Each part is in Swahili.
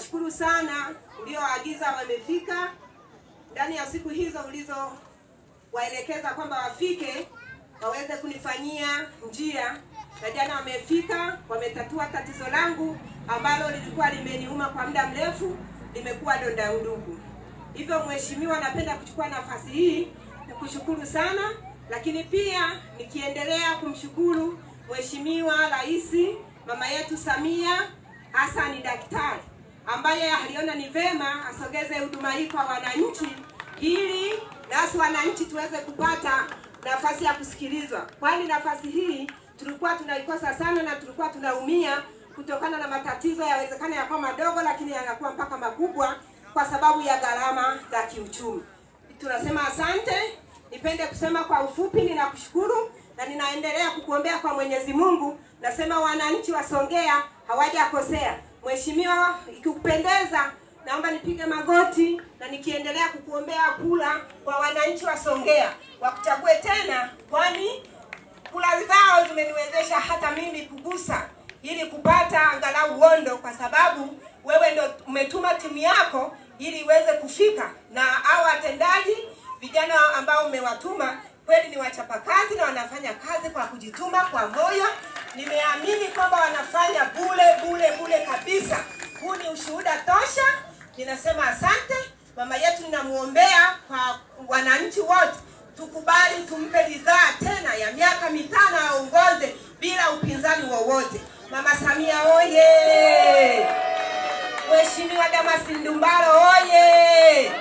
Nashukuru sana ulioagiza wamefika ndani ya siku hizo ulizowaelekeza kwamba wafike waweze kunifanyia njia, na jana wamefika, wametatua tatizo langu ambalo lilikuwa limeniuma kwa muda mrefu, limekuwa donda udugu. Hivyo mheshimiwa, napenda kuchukua nafasi hii kukushukuru sana, lakini pia nikiendelea kumshukuru Mheshimiwa Rais mama yetu Samia ni Daktari ambaye aliona ni vema asogeze huduma hii kwa wananchi, ili nasi wananchi tuweze kupata nafasi ya kusikilizwa, kwani nafasi hii tulikuwa tunaikosa sana na tulikuwa tunaumia kutokana na matatizo yawezekana yakuwa madogo, lakini yanakuwa mpaka makubwa kwa sababu ya gharama za kiuchumi. Tunasema asante. Nipende kusema kwa ufupi, ninakushukuru na ninaendelea kukuombea kwa Mwenyezi Mungu. Nasema wananchi wa Songea hawajakosea. Mheshimiwa, ikikupendeza naomba nipige magoti na nikiendelea kukuombea kula kwa wananchi wa Songea wakuchague tena, kwani kula zao zimeniwezesha hata mimi kugusa ili kupata angalau uondo, kwa sababu wewe ndo umetuma timu yako ili iweze kufika, na au watendaji vijana ambao umewatuma kweli ni wachapakazi na wanafanya kazi kwa kujituma kwa moyo naamini kwamba wanafanya bule bule bule kabisa. Huu ni ushuhuda tosha. Ninasema asante mama yetu, ninamwombea kwa wananchi wote, tukubali tumpe ridhaa tena ya miaka mitano aongoze bila upinzani wowote. Mama Samia oye! Mheshimiwa Damasi Ndumbaro oye!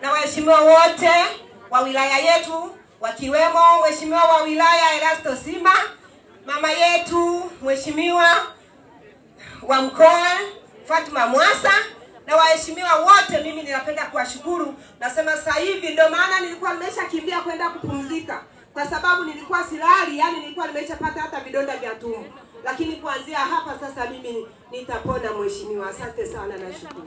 na waheshimiwa wote wa wilaya yetu wakiwemo mheshimiwa wa wilaya Erasto Sima mama yetu mheshimiwa wa mkoa Fatuma Mwasa na waheshimiwa wote, mimi ninapenda kuwashukuru. Nasema sasa hivi ndio maana nilikuwa nimeshakimbia kwenda kupumzika, kwa sababu nilikuwa silali, yani nilikuwa nimeshapata hata vidonda vya tumbo, lakini kuanzia hapa sasa mimi nitapona. Mheshimiwa, asante sana, nashukuru.